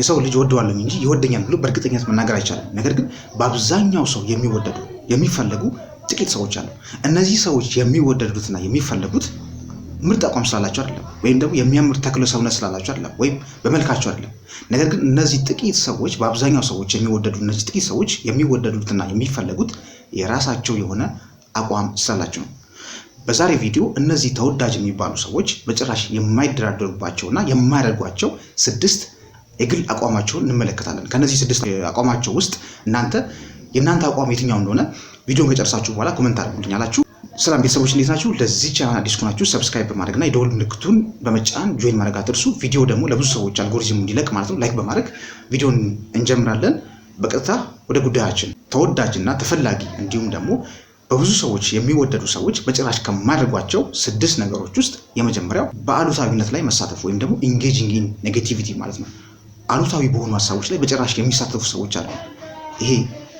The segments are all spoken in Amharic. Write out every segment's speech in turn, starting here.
የሰው ልጅ ወደዋለሁ እንጂ ይወደኛል ብሎ በእርግጠኛነት መናገር አይቻልም። ነገር ግን በአብዛኛው ሰው የሚወደዱ የሚፈለጉ ጥቂት ሰዎች አሉ። እነዚህ ሰዎች የሚወደዱትና የሚፈለጉት ምርጥ አቋም ስላላቸው አይደለም፣ ወይም ደግሞ የሚያምር ተክለ ሰውነት ስላላቸው አይደለም፣ ወይም በመልካቸው አይደለም። ነገር ግን እነዚህ ጥቂት ሰዎች በአብዛኛው ሰዎች የሚወደዱ እነዚህ ጥቂት ሰዎች የሚወደዱትና የሚፈለጉት የራሳቸው የሆነ አቋም ስላላቸው ነው። በዛሬ ቪዲዮ እነዚህ ተወዳጅ የሚባሉ ሰዎች በጭራሽ የማይደራደሩባቸውና የማያደርጓቸው ስድስት የግል አቋማቸውን እንመለከታለን። ከነዚህ ስድስት አቋማቸው ውስጥ እናንተ የእናንተ አቋም የትኛው እንደሆነ ቪዲዮን ከጨርሳችሁ በኋላ ኮመንት አድርጉልኝ አላችሁ። ሰላም ቤተሰቦች እንዴት ናችሁ? ለዚህ ቻናል አዲስ ከሆናችሁ ሰብስክራይብ በማድረግና የደወል ምልክቱን በመጫን ጆይን ማድረግ አትርሱ። ቪዲዮ ደግሞ ለብዙ ሰዎች አልጎሪዝሙ እንዲለቅ ማለት ነው ላይክ በማድረግ ቪዲዮን እንጀምራለን። በቀጥታ ወደ ጉዳያችን ተወዳጅና ተፈላጊ እንዲሁም ደግሞ በብዙ ሰዎች የሚወደዱ ሰዎች በጭራሽ ከማያደርጓቸው ስድስት ነገሮች ውስጥ የመጀመሪያው በአሉታዊነት ላይ መሳተፍ ወይም ደግሞ ኢንጌጂንግ ኢን ኔጌቲቪቲ ማለት ነው። አሉታዊ በሆኑ ሀሳቦች ላይ በጭራሽ የሚሳተፉ ሰዎች አሉ። ይሄ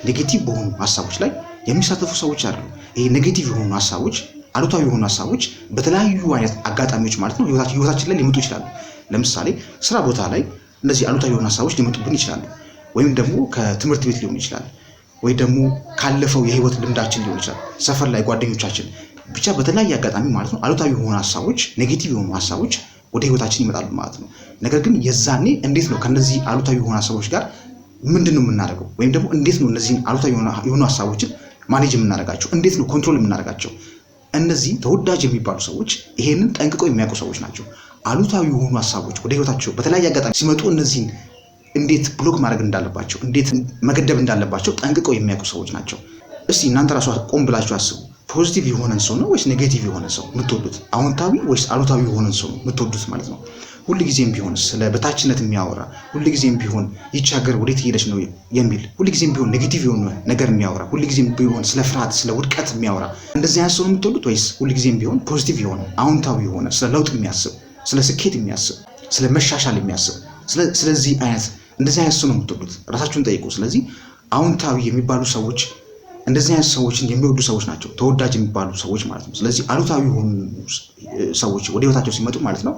ኔጌቲቭ በሆኑ ሀሳቦች ላይ የሚሳተፉ ሰዎች አሉ። ይሄ ኔጌቲቭ የሆኑ ሀሳቦች አሉታዊ የሆኑ ሀሳቦች በተለያዩ አይነት አጋጣሚዎች ማለት ነው ህይወታችን ላይ ሊመጡ ይችላሉ። ለምሳሌ ስራ ቦታ ላይ እነዚህ አሉታዊ የሆኑ ሀሳቦች ሊመጡብን ይችላሉ። ወይም ደግሞ ከትምህርት ቤት ሊሆን ይችላል። ወይ ደግሞ ካለፈው የህይወት ልምዳችን ሊሆን ይችላል። ሰፈር ላይ ጓደኞቻችን፣ ብቻ በተለያየ አጋጣሚ ማለት ነው አሉታዊ የሆኑ ሀሳቦች ኔጌቲቭ የሆኑ ሀሳቦች ወደ ህይወታችን ይመጣሉ ማለት ነው። ነገር ግን የዛኔ እንዴት ነው ከነዚህ አሉታዊ የሆኑ ሀሳቦች ጋር ምንድን ነው የምናደርገው? ወይም ደግሞ እንዴት ነው እነዚህን አሉታዊ የሆኑ ሀሳቦችን ማኔጅ የምናደርጋቸው? እንዴት ነው ኮንትሮል የምናደርጋቸው? እነዚህ ተወዳጅ የሚባሉ ሰዎች ይሄንን ጠንቅቀው የሚያውቁ ሰዎች ናቸው። አሉታዊ የሆኑ ሀሳቦች ወደ ህይወታቸው በተለያየ አጋጣሚ ሲመጡ እነዚህን እንዴት ብሎክ ማድረግ እንዳለባቸው፣ እንዴት መገደብ እንዳለባቸው ጠንቅቀው የሚያውቁ ሰዎች ናቸው። እስቲ እናንተ ራሱ ቆም ብላችሁ አስቡ። ፖዚቲቭ የሆነን ሰው ነው ወይስ ኔጌቲቭ የሆነ ሰው የምትወዱት? አዎንታዊ ወይስ አሉታዊ የሆነን ሰው ነው የምትወዱት ማለት ነው። ሁልጊዜም ቢሆን ስለ በታችነት የሚያወራ ሁልጊዜም ቢሆን ይቺ ሀገር ወዴት እየሄደች ነው የሚል ሁልጊዜም ቢሆን ኔጌቲቭ የሆነ ነገር የሚያወራ ሁልጊዜም ቢሆን ስለ ፍርሃት፣ ስለ ውድቀት የሚያወራ እንደዚህ አይነት ሰው ነው የምትወዱት? ወይስ ሁልጊዜም ቢሆን ፖዚቲቭ የሆነ አዎንታዊ የሆነ ስለ ለውጥ የሚያስብ ስለ ስኬት የሚያስብ ስለ መሻሻል የሚያስብ ስለዚህ አይነት እንደዚህ አይነት ሰው ነው የምትወዱት? ራሳችሁን ጠይቁ። ስለዚህ አዎንታዊ የሚባሉ ሰዎች እንደዚህ አይነት ሰዎችን የሚወዱ ሰዎች ናቸው ተወዳጅ የሚባሉ ሰዎች ማለት ነው። ስለዚህ አሉታዊ የሆኑ ሰዎች ወደ ህይወታቸው ሲመጡ ማለት ነው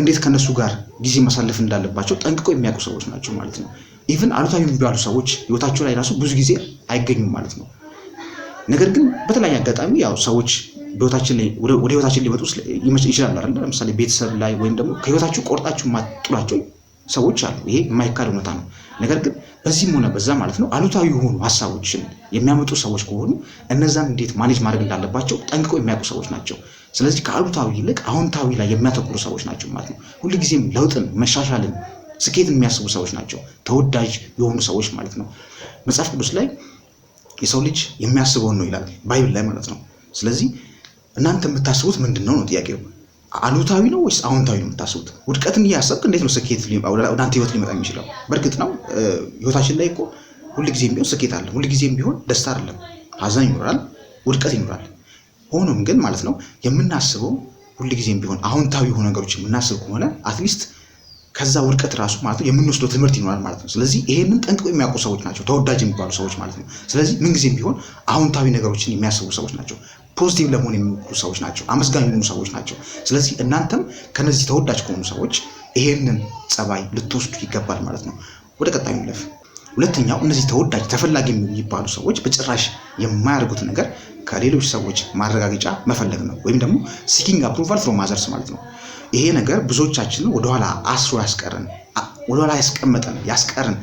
እንዴት ከነሱ ጋር ጊዜ ማሳለፍ እንዳለባቸው ጠንቅቀው የሚያውቁ ሰዎች ናቸው ማለት ነው። ኢቭን አሉታዊ የሚባሉ ሰዎች ህይወታቸው ላይ ራሱ ብዙ ጊዜ አይገኙም ማለት ነው። ነገር ግን በተለያየ አጋጣሚ ያው ሰዎች ወደ ህይወታችን ሊመጡ ይችላሉ አይደል? ለምሳሌ ቤተሰብ ላይ ወይም ደግሞ ከህይወታችሁ ቆርጣችሁ ማጥሏቸው ሰዎች አሉ። ይሄ የማይካድ እውነታ ነው። ነገር ግን በዚህም ሆነ በዛ ማለት ነው አሉታዊ የሆኑ ሀሳቦችን የሚያመጡ ሰዎች ከሆኑ እነዛን እንዴት ማኔጅ ማድረግ እንዳለባቸው ጠንቅቀው የሚያውቁ ሰዎች ናቸው። ስለዚህ ከአሉታዊ ይልቅ አዎንታዊ ላይ የሚያተኩሩ ሰዎች ናቸው ማለት ነው። ሁልጊዜም ለውጥን፣ መሻሻልን፣ ስኬትን የሚያስቡ ሰዎች ናቸው ተወዳጅ የሆኑ ሰዎች ማለት ነው። መጽሐፍ ቅዱስ ላይ የሰው ልጅ የሚያስበውን ነው ይላል ባይብል ላይ ማለት ነው። ስለዚህ እናንተ የምታስቡት ምንድን ነው ነው ጥያቄው። አሉታዊ ነው ወይስ አዎንታዊ ነው የምታስቡት? ውድቀትን እያሰብክ እንዴት ነው ስኬት ወደ አንተ ህይወት ሊመጣ የሚችለው? በእርግጥ ነው ህይወታችን ላይ እኮ ሁልጊዜም ቢሆን ስኬት አለ፣ ሁልጊዜም ቢሆን ደስታ አይደለም፣ ሀዘን ይኖራል፣ ውድቀት ይኖራል። ሆኖም ግን ማለት ነው የምናስበው ሁልጊዜም ቢሆን አዎንታዊ የሆኑ ነገሮች የምናስብ ከሆነ አትሊስት ከዛ ውድቀት ራሱ ማለት ነው የምንወስደው ትምህርት ይኖራል ማለት ነው። ስለዚህ ይሄንን ጠንቅቆ የሚያውቁ ሰዎች ናቸው ተወዳጅ የሚባሉ ሰዎች ማለት ነው። ስለዚህ ምንጊዜም ቢሆን አዎንታዊ ነገሮችን የሚያስቡ ሰዎች ናቸው። ፖዚቲቭ ለመሆን የሚሞክሩ ሰዎች ናቸው፣ አመስጋኝ የሆኑ ሰዎች ናቸው። ስለዚህ እናንተም ከነዚህ ተወዳጅ ከሆኑ ሰዎች ይሄንን ጸባይ ልትወስዱ ይገባል ማለት ነው። ወደ ቀጣዩ ለፍ ሁለተኛው እነዚህ ተወዳጅ ተፈላጊ የሚባሉ ሰዎች በጭራሽ የማያደርጉት ነገር ከሌሎች ሰዎች ማረጋገጫ መፈለግ ነው፣ ወይም ደግሞ ሲኪንግ አፕሩቫል ፍሮም አዘርስ ማለት ነው። ይሄ ነገር ብዙዎቻችንን ወደኋላ አስሮ ያስቀረን፣ ወደኋላ ያስቀመጠን፣ ያስቀርን ወደኋላ ያስቀመጠን ያስቀርን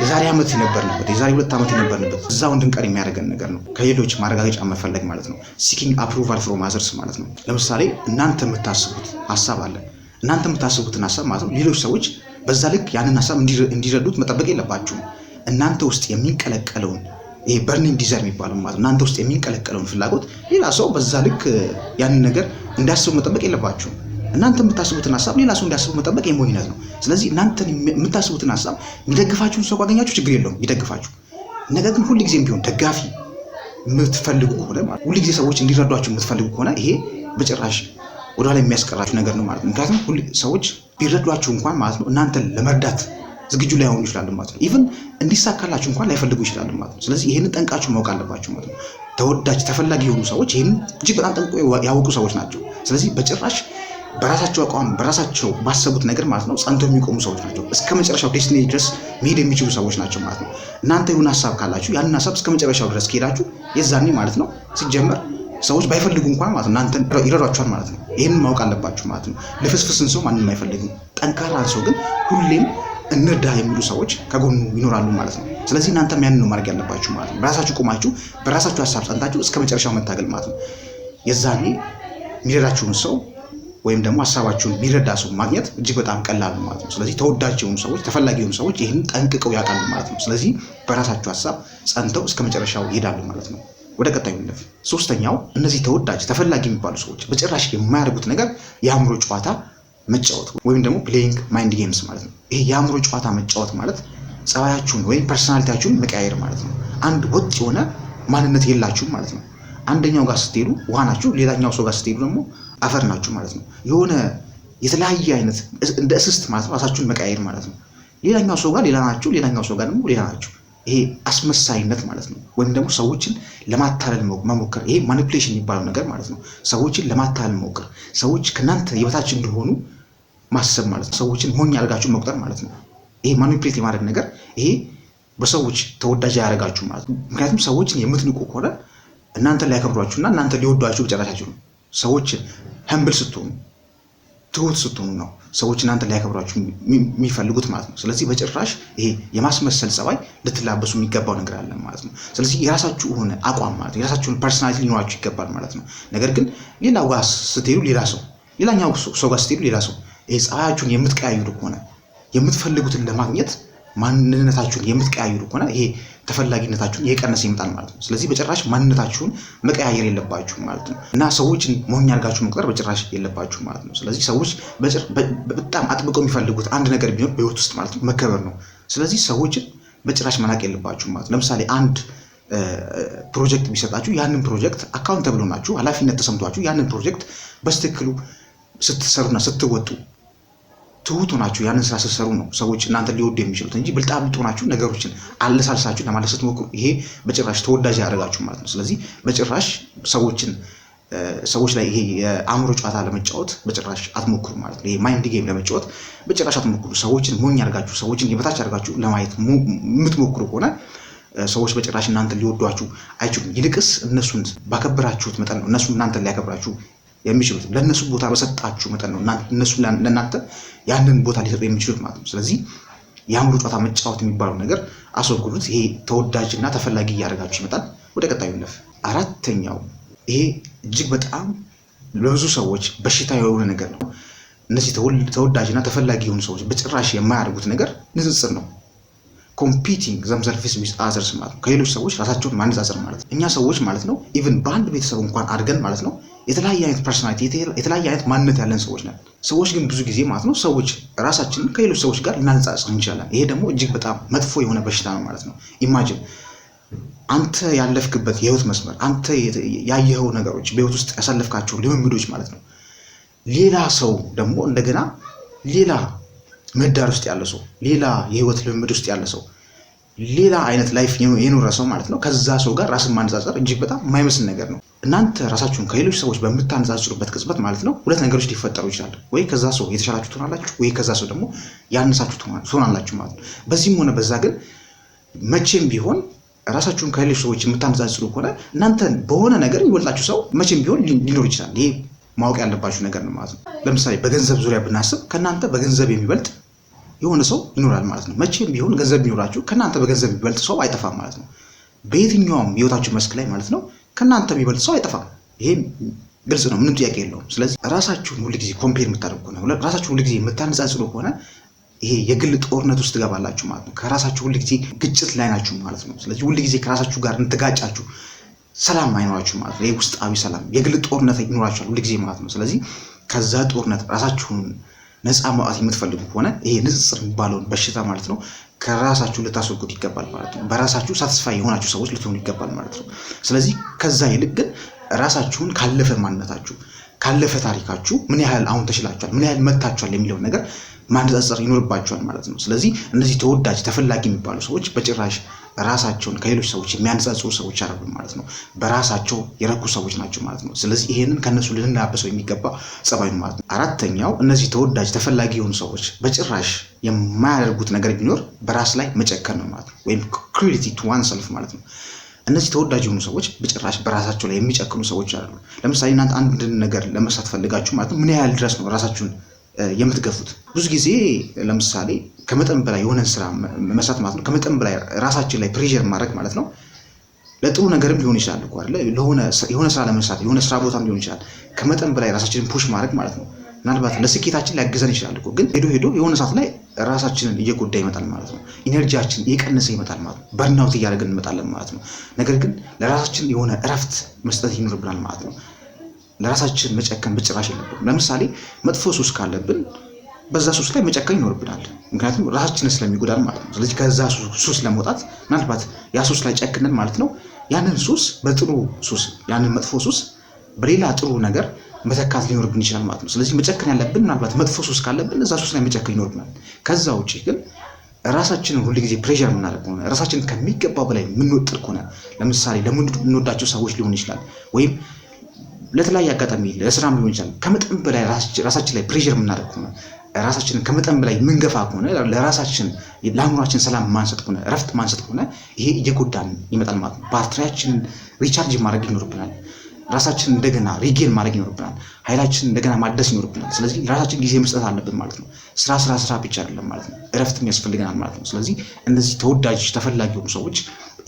የዛሬ ዓመት የነበርንበት የዛሬ ሁለት ዓመት የነበርንበት እዛው እንድንቀር የሚያደርገን ነገር ነው። ከሌሎች ማረጋገጫ መፈለግ ማለት ነው። ሲኪንግ አፕሩቫል ፍሮም አዘርስ ማለት ነው። ለምሳሌ እናንተ የምታስቡት ሀሳብ አለ። እናንተ የምታስቡትን ሀሳብ ማለት ነው። ሌሎች ሰዎች በዛ ልክ ያንን ሀሳብ እንዲረዱት መጠበቅ የለባችሁም። እናንተ ውስጥ የሚንቀለቀለውን ይሄ በርኒንግ ዲዛይር የሚባለው ማለት ነው። እናንተ ውስጥ የሚንቀለቀለውን ፍላጎት ሌላ ሰው በዛ ልክ ያንን ነገር እንዲያስቡ መጠበቅ የለባችሁም። እናንተ የምታስቡትን ሀሳብ ሌላ ሰው እንዲያስቡ መጠበቅ የሞኝነት ነው። ስለዚህ እናንተ የምታስቡትን ሀሳብ የሚደግፋችሁን ሰው ካገኛችሁ ችግር የለውም ይደግፋችሁ። ነገር ግን ሁልጊዜም ቢሆን ደጋፊ የምትፈልጉ ከሆነ ማለት ሁልጊዜ ሰዎች እንዲረዷችሁ የምትፈልጉ ከሆነ ይሄ በጭራሽ ወደኋላ የሚያስቀራችሁ ነገር ነው ማለት ነው። ምክንያቱም ሁሉ ሰዎች ቢረዷችሁ እንኳን ማለት ነው እናንተን ለመርዳት ዝግጁ ላይሆኑ ይችላሉ ማለት ነው። ኢቭን እንዲሳካላችሁ እንኳን ላይፈልጉ ይችላሉ ማለት ነው። ስለዚህ ይህንን ጠንቃችሁ ማወቅ አለባችሁ ማለት ነው። ተወዳጅ ተፈላጊ የሆኑ ሰዎች ይህን እጅግ በጣም ጠንቅቆ ያወቁ ሰዎች ናቸው። ስለዚህ በጭራሽ በራሳቸው አቋም በራሳቸው ባሰቡት ነገር ማለት ነው ጸንተው የሚቆሙ ሰዎች ናቸው። እስከ መጨረሻው ዴስቲኒ ድረስ መሄድ የሚችሉ ሰዎች ናቸው ማለት ነው። እናንተ የሆነ ሀሳብ ካላችሁ ያንን ሀሳብ እስከ መጨረሻው ድረስ ከሄዳችሁ የዛኔ ማለት ነው ሲጀመር ሰዎች ባይፈልጉ እንኳን ማለት ነው እናንተን ይረዷችኋል ማለት ነው። ይህንን ማወቅ አለባችሁ ማለት ነው። ልፍስፍስን ሰው ማንም አይፈልግም። ጠንካራን ሰው ግን ሁሌም እንርዳ የሚሉ ሰዎች ከጎኑ ይኖራሉ ማለት ነው። ስለዚህ እናንተም ያንን ነው ማድረግ ያለባችሁ ማለት ነው። በራሳችሁ ቁማችሁ በራሳችሁ ሀሳብ ጸንታችሁ እስከ መጨረሻው መታገል ማለት ነው። የዛኔ የሚረዳችሁን ሰው ወይም ደግሞ ሀሳባችሁን የሚረዳ ሰው ማግኘት እጅግ በጣም ቀላል ነው ማለት ነው። ስለዚህ ተወዳጅ የሆኑ ሰዎች ተፈላጊ የሆኑ ሰዎች ይህን ጠንቅቀው ያውቃሉ ማለት ነው። ስለዚህ በራሳችሁ ሀሳብ ጸንተው እስከ መጨረሻው ይሄዳሉ ማለት ነው። ወደ ቀጣዩ ንለፍ። ሶስተኛው እነዚህ ተወዳጅ ተፈላጊ የሚባሉ ሰዎች በጭራሽ የማያደርጉት ነገር የአእምሮ ጨዋታ መጫወት ወይም ደግሞ ፕሌይንግ ማይንድ ጌምስ ማለት ነው። ይሄ የአእምሮ ጨዋታ መጫወት ማለት ጸባያችሁን ወይም ፐርሶናሊቲያችሁን መቀያየር ማለት ነው። አንድ ወጥ የሆነ ማንነት የላችሁም ማለት ነው። አንደኛው ጋር ስትሄዱ ውሃ ናችሁ፣ ሌላኛው ሰው ጋር ስትሄዱ ደግሞ አፈር ናችሁ ማለት ነው። የሆነ የተለያየ አይነት እንደ እስስት ማለት ነው፣ ራሳችሁን መቀያየር ማለት ነው። ሌላኛው ሰው ጋር ሌላ ናችሁ፣ ሌላኛው ሰው ጋር ደግሞ ሌላ ናችሁ። ይሄ አስመሳይነት ማለት ነው። ወይም ደግሞ ሰዎችን ለማታለል መሞከር፣ ይሄ ማኒፕሌሽን የሚባለው ነገር ማለት ነው። ሰዎችን ለማታለል መሞከር፣ ሰዎች ከእናንተ የበታች እንደሆኑ ማሰብ ማለት ነው። ሰዎችን ሞኝ አድርጋችሁ መቁጠር ማለት ነው። ይሄ ማኒፕሌት የማድረግ ነገር ይሄ በሰዎች ተወዳጅ ያደረጋችሁ ማለት ነው። ምክንያቱም ሰዎችን የምትንቁ ከሆነ እናንተ ሊያከብሯችሁና እናንተ ሊወዷችሁ ብጨራሻችሁ ነው። ሰዎች ህምብል ስትሆኑ ትሁት ስትሆኑ ነው ሰዎች እናንተ ሊያከብሯችሁ የሚፈልጉት ማለት ነው። ስለዚህ በጭራሽ ይሄ የማስመሰል ጸባይ ልትላበሱ የሚገባው ነገር አለ ማለት ነው። ስለዚህ የራሳችሁ የሆነ አቋም ማለት ነው፣ የራሳችሁን ፐርሶናሊቲ ሊኖራችሁ ይገባል ማለት ነው። ነገር ግን ሌላ ጋ ስትሄዱ ሌላ ሰው፣ ሌላኛው ሰው ጋር ስትሄዱ ሌላ ሰው፣ ይሄ ጸባያችሁን የምትቀያይሩ ከሆነ የምትፈልጉትን ለማግኘት ማንነታችሁን የምትቀያይሩ ከሆነ ይሄ ተፈላጊነታችሁን የቀነሰ ይመጣል ማለት ነው። ስለዚህ በጭራሽ ማንነታችሁን መቀያየር የለባችሁ ማለት ነው እና ሰዎችን ሞኝ አድርጋችሁ መቁጠር በጭራሽ የለባችሁ ማለት ነው። ስለዚህ ሰዎች በጣም አጥብቀው የሚፈልጉት አንድ ነገር ቢሆን በህይወት ውስጥ ማለት ነው መከበር ነው። ስለዚህ ሰዎችን በጭራሽ መናቅ የለባችሁ ማለት ነው። ለምሳሌ አንድ ፕሮጀክት ቢሰጣችሁ ያንን ፕሮጀክት አካውንተብል ናችሁ ኃላፊነት ተሰምቷችሁ ያንን ፕሮጀክት በስትክክሉ ስትሰሩና ስትወጡ ትሁት ሆናችሁ ያንን ስራ ስትሰሩ ነው ሰዎች እናንተ ሊወዱ የሚችሉት እንጂ ብልጣ ብልጥ ሆናችሁ ነገሮችን አለሳልሳችሁ ለማለት ስትሞክሩ ይሄ በጭራሽ ተወዳጅ ያደርጋችሁ ማለት ነው። ስለዚህ በጭራሽ ሰዎችን ሰዎች ላይ ይሄ የአእምሮ ጨዋታ ለመጫወት በጭራሽ አትሞክሩ ማለት ነው። ይሄ ማይንድ ጌም ለመጫወት በጭራሽ አትሞክሩ። ሰዎችን ሞኝ አድርጋችሁ፣ ሰዎችን የበታች አድርጋችሁ ለማየት የምትሞክሩ ከሆነ ሰዎች በጭራሽ እናንተ ሊወዷችሁ አይችሉም። ይልቅስ እነሱን ባከብራችሁት መጠን ነው እነሱ እናንተ ሊያከብራችሁ የሚችሉት ለእነሱ ቦታ በሰጣችሁ መጠን ነው እነሱ ለእናንተ ያንን ቦታ ሊሰጡ የሚችሉት ማለት ነው። ስለዚህ የአእምሮ ጨዋታ መጫወት የሚባለው ነገር አስወግዱት። ይሄ ተወዳጅና ተፈላጊ እያደረጋችሁ ይመጣል። ወደ ቀጣዩ ነፍ አራተኛው ይሄ እጅግ በጣም ለብዙ ሰዎች በሽታ የሆነ ነገር ነው። እነዚህ ተወዳጅና ተፈላጊ የሆኑ ሰዎች በጭራሽ የማያደርጉት ነገር ንጽጽር ነው። ኮምፒቲንግ ዘምሰልፊስ ሚስ አዘርስ ማለት ነው። ከሌሎች ሰዎች ራሳቸውን ማነጻጸር ማለት ነው። እኛ ሰዎች ማለት ነው ኢቭን በአንድ ቤተሰብ እንኳን አድገን ማለት ነው የተለያየ አይነት ፐርሶናሊቲ የተለያየ አይነት ማንነት ያለን ሰዎች ነን። ሰዎች ግን ብዙ ጊዜ ማለት ነው ሰዎች ራሳችንን ከሌሎች ሰዎች ጋር ልናነጻጽር እንችላለን። ይሄ ደግሞ እጅግ በጣም መጥፎ የሆነ በሽታ ነው ማለት ነው። ኢማጅን አንተ ያለፍክበት የህይወት መስመር፣ አንተ ያየኸው ነገሮች፣ በህይወት ውስጥ ያሳለፍካቸው ልምምዶች ማለት ነው ሌላ ሰው ደግሞ እንደገና ሌላ ምህዳር ውስጥ ያለ ሰው፣ ሌላ የህይወት ልምምድ ውስጥ ያለ ሰው፣ ሌላ አይነት ላይፍ የኖረ ሰው ማለት ነው። ከዛ ሰው ጋር ራስን ማነጻጸር እጅግ በጣም የማይመስል ነገር ነው። እናንተ ራሳችሁን ከሌሎች ሰዎች በምታነጻጽሩበት ቅጽበት ማለት ነው ሁለት ነገሮች ሊፈጠሩ ይችላሉ። ወይ ከዛ ሰው የተሻላችሁ ትሆናላችሁ፣ ወይ ከዛ ሰው ደግሞ ያነሳችሁ ትሆናላችሁ ማለት ነው። በዚህም ሆነ በዛ ግን መቼም ቢሆን ራሳችሁን ከሌሎች ሰዎች የምታነጻጽሩ ከሆነ እናንተን በሆነ ነገር የሚበልጣችሁ ሰው መቼም ቢሆን ሊኖር ይችላል። ይሄ ማወቅ ያለባችሁ ነገር ነው ማለት ነው። ለምሳሌ በገንዘብ ዙሪያ ብናስብ ከእናንተ በገንዘብ የሚበልጥ የሆነ ሰው ይኖራል ማለት ነው። መቼም ቢሆን ገንዘብ ቢኖራችሁ ከእናንተ በገንዘብ የሚበልጥ ሰው አይጠፋም ማለት ነው። በየትኛውም ህይወታችሁ መስክ ላይ ማለት ነው ከእናንተ የሚበልጥ ሰው አይጠፋም። ይሄም ግልጽ ነው፣ ምንም ጥያቄ የለውም። ስለዚህ ራሳችሁን ሁልጊዜ ኮምፔር የምታደርጉ ከሆነ ራሳችሁን ሁልጊዜ የምታነጻጽሩ ከሆነ ይሄ የግል ጦርነት ውስጥ ትገባላችሁ ማለት ነው። ከራሳችሁ ሁልጊዜ ግጭት ላይ ናችሁ ማለት ነው። ስለዚህ ሁልጊዜ ከራሳችሁ ጋር እንትጋጫችሁ ሰላም አይኖራችሁ ማለት ነው። ይህ ውስጣዊ ሰላም የግል ጦርነት ይኖራችኋል ሁልጊዜ ማለት ነው። ስለዚህ ከዛ ጦርነት ራሳችሁን ነፃ ማውጣት የምትፈልጉ ከሆነ ይሄ ንጽጽር የሚባለውን በሽታ ማለት ነው ከራሳችሁ ልታስወግዱ ይገባል ማለት ነው። በራሳችሁ ሳትስፋይ የሆናችሁ ሰዎች ልትሆኑ ይገባል ማለት ነው። ስለዚህ ከዛ ይልቅ ግን ራሳችሁን ካለፈ ማንነታችሁ ካለፈ ታሪካችሁ ምን ያህል አሁን ተችላችኋል፣ ምን ያህል መታችኋል የሚለውን ነገር ማነጻጸር ይኖርባችኋል ማለት ነው። ስለዚህ እነዚህ ተወዳጅ ተፈላጊ የሚባሉ ሰዎች በጭራሽ ራሳቸውን ከሌሎች ሰዎች የሚያነጻጽሩ ሰዎች አይደሉም ማለት ነው። በራሳቸው የረኩ ሰዎች ናቸው ማለት ነው። ስለዚህ ይሄንን ከእነሱ ልንላበሰው የሚገባ ጸባይ ማለት ነው። አራተኛው እነዚህ ተወዳጅ ተፈላጊ የሆኑ ሰዎች በጭራሽ የማያደርጉት ነገር ቢኖር በራስ ላይ መጨከን ነው ማለት ነው። ወይም ክሪቲ ቱ ዋን ሰልፍ ማለት ነው። እነዚህ ተወዳጅ የሆኑ ሰዎች በጭራሽ በራሳቸው ላይ የሚጨክኑ ሰዎች አሉ። ለምሳሌ እናንተ አንድን ነገር ለመስራት ፈልጋችሁ ማለት ነው ምን ያህል ድረስ ነው ራሳችሁን የምትገፉት። ብዙ ጊዜ ለምሳሌ ከመጠን በላይ የሆነን ስራ መስራት ማለት ነው። ከመጠን በላይ ራሳችን ላይ ፕሬር ማድረግ ማለት ነው። ለጥሩ ነገርም ሊሆን ይችላል እኮ አይደለ? የሆነ ስራ ለመስራት የሆነ ስራ ቦታም ሊሆን ይችላል። ከመጠን በላይ ራሳችንን ፑሽ ማድረግ ማለት ነው። ምናልባት ለስኬታችን ሊያግዘን ይችላል እኮ ግን ሄዶ ሄዶ የሆነ ሰዓት ላይ ራሳችንን እየጎዳ ይመጣል ማለት ነው። ኢነርጂያችን እየቀነሰ ይመጣል ማለት ነው። በርናውት እያደረግን እንመጣለን ማለት ነው። ነገር ግን ለራሳችን የሆነ እረፍት መስጠት ይኖርብናል ማለት ነው። ለራሳችን መጨከን በጭራሽ የለብንም። ለምሳሌ መጥፎ ሱስ ካለብን በዛ ሱስ ላይ መጨከን ይኖርብናል። ምክንያቱም ራሳችንን ስለሚጎዳል ማለት ነው። ስለዚህ ከዛ ሱስ ለመውጣት ምናልባት ያ ሱስ ላይ ጨክንን ማለት ነው ያንን ሱስ በጥሩ ሱስ ያንን መጥፎ ሱስ በሌላ ጥሩ ነገር መተካት ሊኖርብን ይችላል ማለት ነው። ስለዚህ መጨከን ያለብን ምናልባት መጥፎ ሱስ ካለብን እዛ ሱስ ላይ መጨከን ይኖርብናል። ከዛ ውጭ ግን ራሳችንን ሁል ጊዜ ፕሬር የምናደርግ ከሆነ ራሳችን ከሚገባ በላይ የምንወጥር ከሆነ ለምሳሌ ለምንወዳቸው ሰዎች ሊሆን ይችላል ወይም ለተለያየ አጋጣሚ ለስራም ሊሆን ይችላል። ከመጠን በላይ ራሳችን ላይ ፕሬሽር የምናደርግ ከሆነ ራሳችንን ከመጠን በላይ ምንገፋ ከሆነ ለራሳችን ለአእምሯችን ሰላም ማንሰጥ ከሆነ እረፍት ማንሰጥ ከሆነ ይሄ እየጎዳን ይመጣል ማለት ነው። ባትሪያችንን ሪቻርጅ ማድረግ ይኖርብናል። ራሳችንን እንደገና ሪጌን ማድረግ ይኖርብናል። ኃይላችንን እንደገና ማደስ ይኖርብናል። ስለዚህ ለራሳችን ጊዜ መስጠት አለብን ማለት ነው። ስራ ስራ ስራ ብቻ አይደለም ማለት ነው። እረፍትም ያስፈልገናል ማለት ነው። ስለዚህ እነዚህ ተወዳጅ ተፈላጊ የሆኑ ሰዎች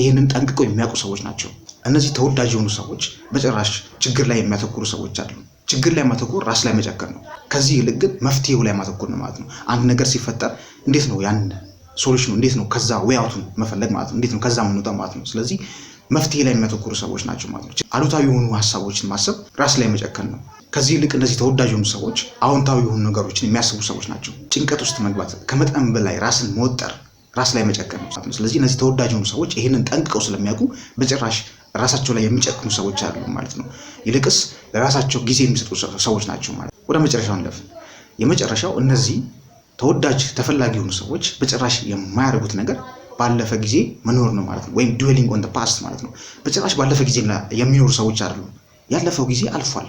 ይህንን ጠንቅቀው የሚያውቁ ሰዎች ናቸው። እነዚህ ተወዳጅ የሆኑ ሰዎች በጭራሽ ችግር ላይ የሚያተኩሩ ሰዎች አሉ። ችግር ላይ ማተኩር ራስ ላይ መጨከር ነው። ከዚህ ይልቅ ግን መፍትሄው ላይ ማተኩር ነው ማለት ነው። አንድ ነገር ሲፈጠር እንዴት ነው ያን ሶሉሽኑ እንዴት ነው ከዛ ወያቱን መፈለግ ማለት ነው። እንዴት ነው ከዛ ምንወጣ ማለት ነው። ስለዚህ መፍትሄ ላይ የሚያተኩሩ ሰዎች ናቸው ማለት ነው። አሉታዊ የሆኑ ሀሳቦችን ማሰብ ራስ ላይ መጨከን ነው። ከዚህ ይልቅ እነዚህ ተወዳጅ የሆኑ ሰዎች አዎንታዊ የሆኑ ነገሮችን የሚያስቡ ሰዎች ናቸው። ጭንቀት ውስጥ መግባት፣ ከመጠን በላይ ራስን መወጠር ራስ ላይ መጨከን ነው። ስለዚህ እነዚህ ተወዳጅ የሆኑ ሰዎች ይህንን ጠንቅቀው ስለሚያውቁ በጭራሽ ራሳቸው ላይ የሚጨክኑ ሰዎች አሉ ማለት ነው። ይልቅስ ለራሳቸው ጊዜ የሚሰጡ ሰዎች ናቸው ማለት ነው። ወደ መጨረሻው እንለፍ። የመጨረሻው እነዚህ ተወዳጅ ተፈላጊ የሆኑ ሰዎች በጭራሽ የማያደርጉት ነገር ባለፈ ጊዜ መኖር ነው ማለት ነው። ወይም ድዌሊንግ ኦን ፓስት ማለት ነው። በጭራሽ ባለፈ ጊዜ የሚኖሩ ሰዎች አይደሉም። ያለፈው ጊዜ አልፏል።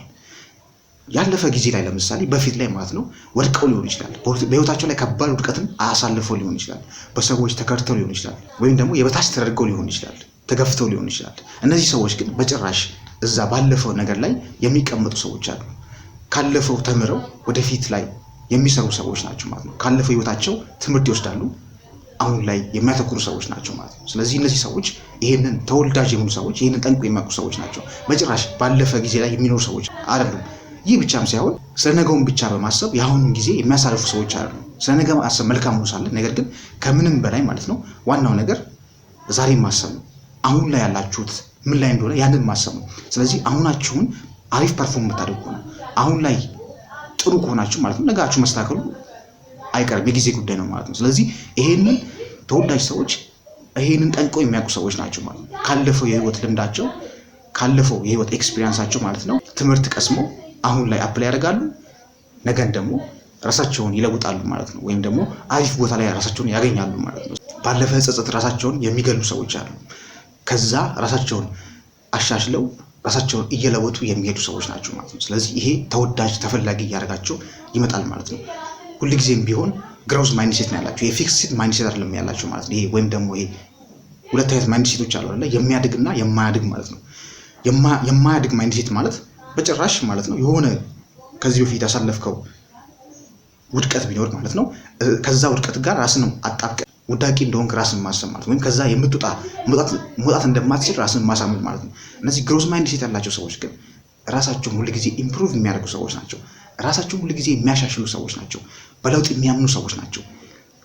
ያለፈ ጊዜ ላይ ለምሳሌ በፊት ላይ ማለት ነው ወድቀው ሊሆን ይችላል። በህይወታቸው ላይ ከባድ ውድቀትን አሳልፈው ሊሆን ይችላል። በሰዎች ተከርተው ሊሆን ይችላል። ወይም ደግሞ የበታች ተደርገው ሊሆን ይችላል። ተገፍተው ሊሆን ይችላል። እነዚህ ሰዎች ግን በጭራሽ እዛ ባለፈው ነገር ላይ የሚቀመጡ ሰዎች አሉ። ካለፈው ተምረው ወደፊት ላይ የሚሰሩ ሰዎች ናቸው ማለት ነው። ካለፈው ህይወታቸው ትምህርት ይወስዳሉ። አሁን ላይ የሚያተኩሩ ሰዎች ናቸው ማለት ነው። ስለዚህ እነዚህ ሰዎች ይህንን ተወልዳጅ የሆኑ ሰዎች ይህንን ጠንቁ የሚያውቁ ሰዎች ናቸው። በጭራሽ ባለፈ ጊዜ ላይ የሚኖሩ ሰዎች አይደሉም። ይህ ብቻም ሳይሆን ስለ ነገውን ብቻ በማሰብ የአሁኑን ጊዜ የሚያሳልፉ ሰዎች አይደሉም። ስለ ነገ ማሰብ መልካም ሆኖ ሳለ ነገር ግን ከምንም በላይ ማለት ነው ዋናው ነገር ዛሬ ማሰብ ነው። አሁን ላይ ያላችሁት ምን ላይ እንደሆነ ያንን ማሰብ ነው። ስለዚህ አሁናችሁን አሪፍ ፐርፎርም የምታደርጉ ከሆነ አሁን ላይ ጥሩ ከሆናችሁ ማለት ነው ነጋችሁ መስተካከሉ አይቀርም የጊዜ ጉዳይ ነው ማለት ነው። ስለዚህ ይሄንን ተወዳጅ ሰዎች ይሄንን ጠንቀው የሚያውቁ ሰዎች ናቸው ማለት ነው። ካለፈው የህይወት ልምዳቸው ካለፈው የህይወት ኤክስፒሪንሳቸው ማለት ነው ትምህርት ቀስሞ አሁን ላይ አፕላይ ያደርጋሉ፣ ነገን ደግሞ ራሳቸውን ይለውጣሉ ማለት ነው። ወይም ደግሞ አሪፍ ቦታ ላይ ራሳቸውን ያገኛሉ ማለት ነው። ባለፈ ጸጸት ራሳቸውን የሚገሉ ሰዎች አሉ። ከዛ ራሳቸውን አሻሽለው ራሳቸውን እየለወጡ የሚሄዱ ሰዎች ናቸው ማለት ነው። ስለዚህ ይሄ ተወዳጅ ተፈላጊ እያደረጋቸው ይመጣል ማለት ነው። ሁልጊዜም ቢሆን ግራውዝ ማይንድሴት ነው ያላቸው የፊክሲት ማይንድሴት አይደለም ያላቸው ማለት ነው። ይሄ ወይም ደግሞ ይሄ ሁለት አይነት ማይንድሴቶች አሉ አይደለ? የሚያድግና የማያድግ ማለት ነው። የማያድግ ማይንድሴት ማለት በጭራሽ ማለት ነው የሆነ ከዚህ በፊት ያሳለፍከው ውድቀት ቢኖር ማለት ነው ከዛ ውድቀት ጋር ራስን አጣብቀ ውዳቂ እንደሆንክ ራስን ማሰብ ማለት ወይም ከዛ የምትወጣ መውጣት እንደማትችል ራስን ማሳመን ማለት ነው። እነዚህ ግሮስ ማይንድ ሴት ያላቸው ሰዎች ግን ራሳቸውን ሁልጊዜ ኢምፕሩቭ የሚያደርጉ ሰዎች ናቸው። ራሳቸውን ሁልጊዜ የሚያሻሽሉ ሰዎች ናቸው። በለውጥ የሚያምኑ ሰዎች ናቸው።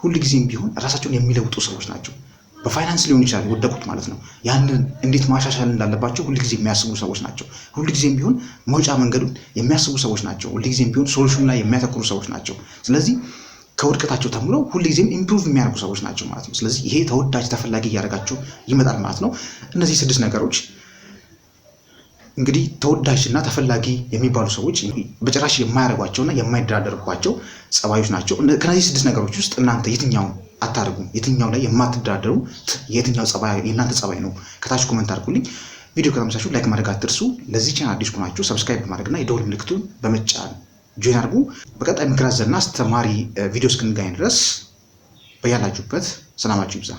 ሁልጊዜም ቢሆን ራሳቸውን የሚለውጡ ሰዎች ናቸው። በፋይናንስ ሊሆን ይችላል የወደቁት ማለት ነው። ያንን እንዴት ማሻሻል እንዳለባቸው ሁልጊዜ የሚያስቡ ሰዎች ናቸው። ሁልጊዜም ቢሆን መውጫ መንገዱን የሚያስቡ ሰዎች ናቸው። ሁልጊዜም ቢሆን ሶሉሽን ላይ የሚያተኩሩ ሰዎች ናቸው። ስለዚህ ከውድቀታቸው ተምለው ሁልጊዜም ኢምፕሩቭ የሚያደርጉ ሰዎች ናቸው ማለት ነው። ስለዚህ ይሄ ተወዳጅ ተፈላጊ እያደረጋቸው ይመጣል ማለት ነው። እነዚህ ስድስት ነገሮች እንግዲህ ተወዳጅ እና ተፈላጊ የሚባሉ ሰዎች በጭራሽ የማያደርጓቸውና የማይደራደርባቸው ጸባዮች ናቸው። ከነዚህ ስድስት ነገሮች ውስጥ እናንተ የትኛውን አታደርጉም? የትኛው ላይ የማትደራደሩ? የትኛው የእናንተ ጸባይ ነው? ከታች ኮመንት አድርጉልኝ። ቪዲዮ ከተመሳችሁ ላይክ ማድረግ አትርሱ። ለዚህ ቻናል አዲስ ከሆናችሁ ሰብስክራይብ በማድረግና የደወል ምልክቱን በመጫን ጆይን አድርጉ። በቀጣይ ምክር አስተማሪ ቪዲዮ እስክንገናኝ ድረስ በያላችሁበት ሰላማችሁ ይብዛ።